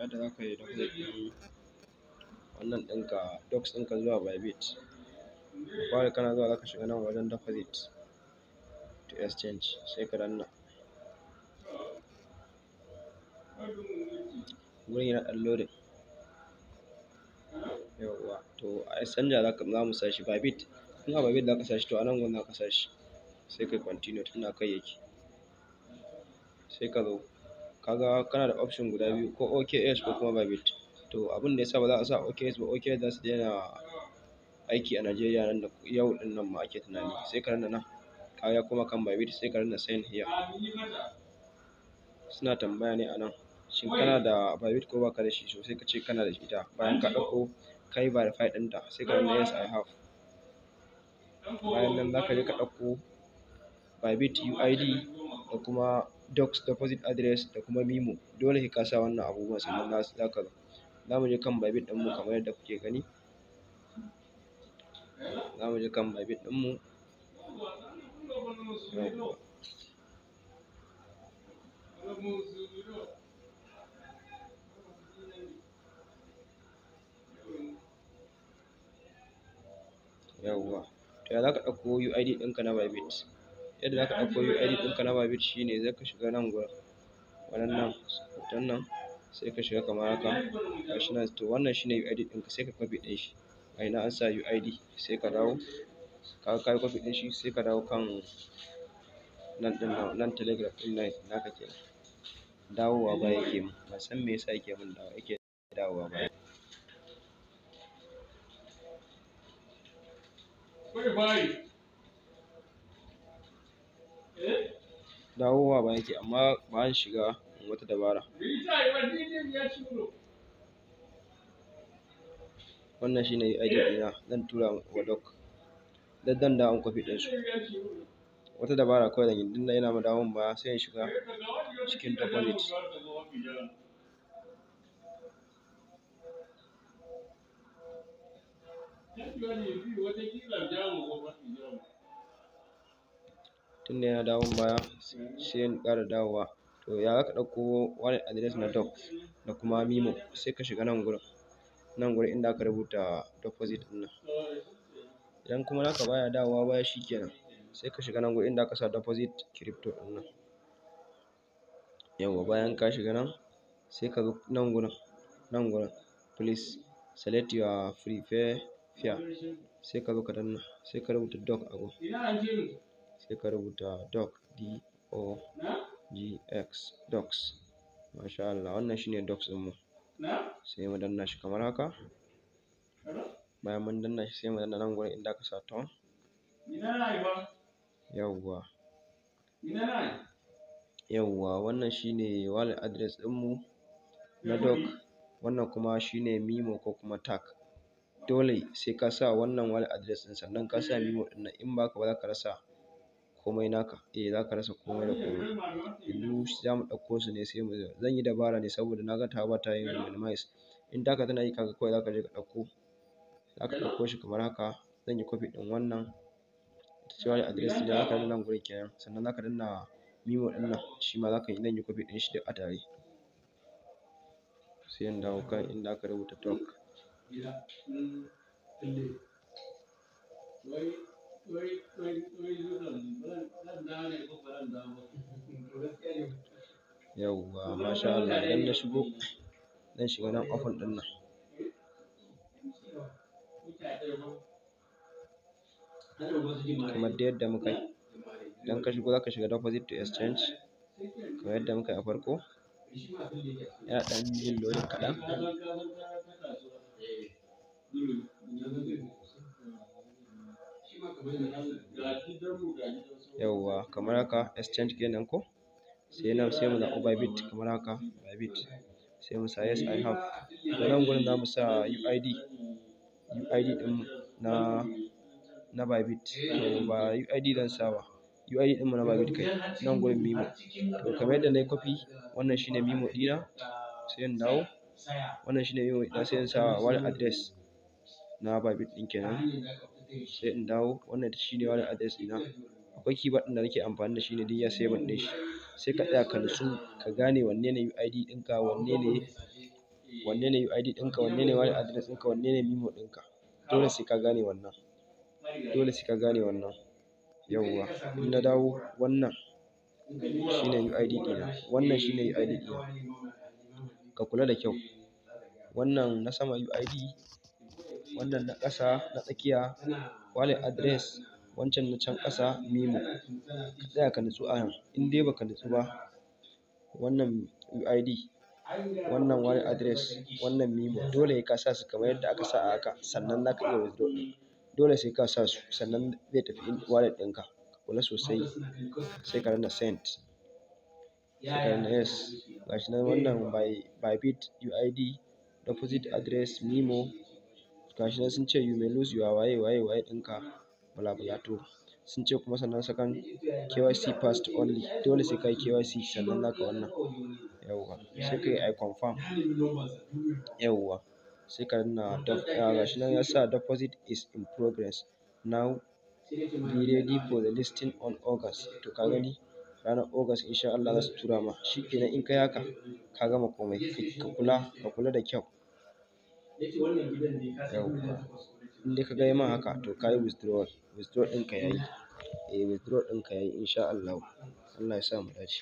yadda za ka yi document ɗin wannan ɗinka docs ɗinka zuwa bybit da fara kana zuwa za ka shiga nan wajen deposit to exchange sai ka danna gurin yana ɗan loading yawwa to a exchange za mu sa shi bybit in a bybit za ka sa shi to a nan gurin za ka sa sai ka continue tun da kai yake sai ka zo kaga kana da option guda biyu ko OKX ko kuma Bybit to abin da yasa ba za a sa oks ba oks za su daina aiki a Najeriya nan da yau din nan ma ake tunani sai ka ranna nan kaga kuma kan Bybit sai ka ranna sign here suna tambaya ne a nan shin kana da Bybit ko baka da shi so sai ka ce kana da ita bayan ka ɗauko ka yi verify ɗinta sai ka ranna yes I have bayan nan za ka je ka ɗauko Bybit UID da kuma docs deposit address da kuma mimo dole sai ka sa wannan abubuwan sannan za ka zo za mu je kan bybit mu kamar yadda kuke gani za mu je kan bybit mu? yawwa to ya za ka ɗauko UID ɗinka na bybit yadda za ka ɗauko UID ɗinka na Babit shi ne za ka shiga nan gurin wannan nan hoton nan sai ka shiga kamar haka gashi nan to wannan shi ne UID ɗinka sai ka kwafi ɗin shi a ina an sa UID sai ka dawo ka ga ka yi copy ɗin shi sai ka dawo kan nan ɗin nan nan telegram ɗin nan naka kenan dawowa baya yake min ban san me yasa yake min dawo yake dawowa ba Bye bye. dawowa ba yake amma ba an shiga wata dabara wannan shine ID ɗina zan tura wa doc dan da an kwafi ɗinsu. wata dabara kawai zan yi tunda yana madawon ba sai in shiga cikin deposit Thank you. tunda yana dawo baya sai in ƙara dawowa to ya zaka ɗauko wallet address na dog da kuma mimo sai ka shiga nan gurin nan gurin inda aka rubuta deposit ɗin nan idan kuma ka baya dawowa baya shikenan sai ka shiga nan gurin inda aka sa deposit crypto ɗin nan yawwa bayan ka shiga nan sai ka zo nan gurin nan gurin please select your preferred fare sai ka zo ka danna sai ka rubuta dog a sai ka rubuta doc d o g x docs masha Allah wannan shine docs ɗin mu sai mu danna shi kamar haka bayan mun danna shi sai mu danna nan gurin inda aka sa ton yawwa yawwa wannan shine wallet address ɗin mu na doc wannan kuma shine mimo ko kuma tag dole sai ka sa wannan wallet address ɗin sannan ka sa mimo ɗin nan in ba haka ba za ka rasa komai naka eh zaka rasa komai da komai duk zamu ɗauko su ne sai mu zan yi dabara ne saboda na ga tawa yi yin minimize in taka tana yi kaga kawai zaka je ka ɗauko zaka ɗauko shi kamar haka zan yi copy ɗin wannan cewa da address ɗin zaka danna nan gurin kenan sannan zaka danna memo ɗin nan shi ma zaka yi zan yi copy ɗin shi duk a tare sai in dawo kan inda aka rubuta talk wai yawwa masha Allah dan na shigo zan shiga nan ofin din nan kamar da yadda muka dan ka shigo zaka shiga deposit to exchange kamar yadda muka yi a farko yana ɗan yin lodin kaɗan yauwa kamar haka exchange kenan ko sai na sai mu zaɓi bybit kamar haka bybit sai mu sa yes i have to nan gurin za mu sa uid uid ɗin na na bybit to ba uid zan sa ba uid mu na bybit kai nan gurin mimo to kamar yadda na yi copy wannan shine mimo ɗina sai in dawo wannan shine mimo ɗina sai in sa wallet address na bybit ɗin kenan sai in dawo wannan shi ne wallet adres ɗina akwai keypad ɗin da nake amfani da shi ne duk ya saving ɗin shi sai ka tsaya ka natsu ka gane wanne ne UID ɗinka wanne ne wanne ne UID ɗinka wanne ne wallet adres ɗinka wanne ne Mimo ɗinka dole sai ka gane wannan dole sai ka gane wannan yawwa in na dawo wannan shi ne UID ɗina wannan shi ne UID ɗina ka kula da kyau wannan na sama UID wannan na ƙasa na tsakiya wallet address wancan na can ƙasa memo ka tsaya ka nutsu a nan in dai baka nutsu ba wannan UID wannan wallet address wannan memo dole ka sa su kamar yadda aka sa a haka sannan zaka iya withdraw ɗin dole sai ka sa su sannan zai tafi wallet ɗinka ka kula sosai sai ka danna send sai ka danna yes gashi nan wannan by bit UID deposit address memo gashi nan sun ce you may lose your waye waye waye ɗinka bala bala to sun ce kuma sannan sakan KYC past only dole sai kai KYC sannan naka wannan yauwa sai kai I confirm yauwa sai ka nuna gashi nan ya sa deposit is in progress now be ready for the listing on August to ka gani ranar August insha Allah za su tura ma shikenan in kai haka ka gama komai ka kula ka kula da kyau yauwa. In dai ka ga yai ma haka to kayi yi withdrawal, din ɗinka yayi yi. Eh withdrawal din ka yi in Allah ya sa mu dace.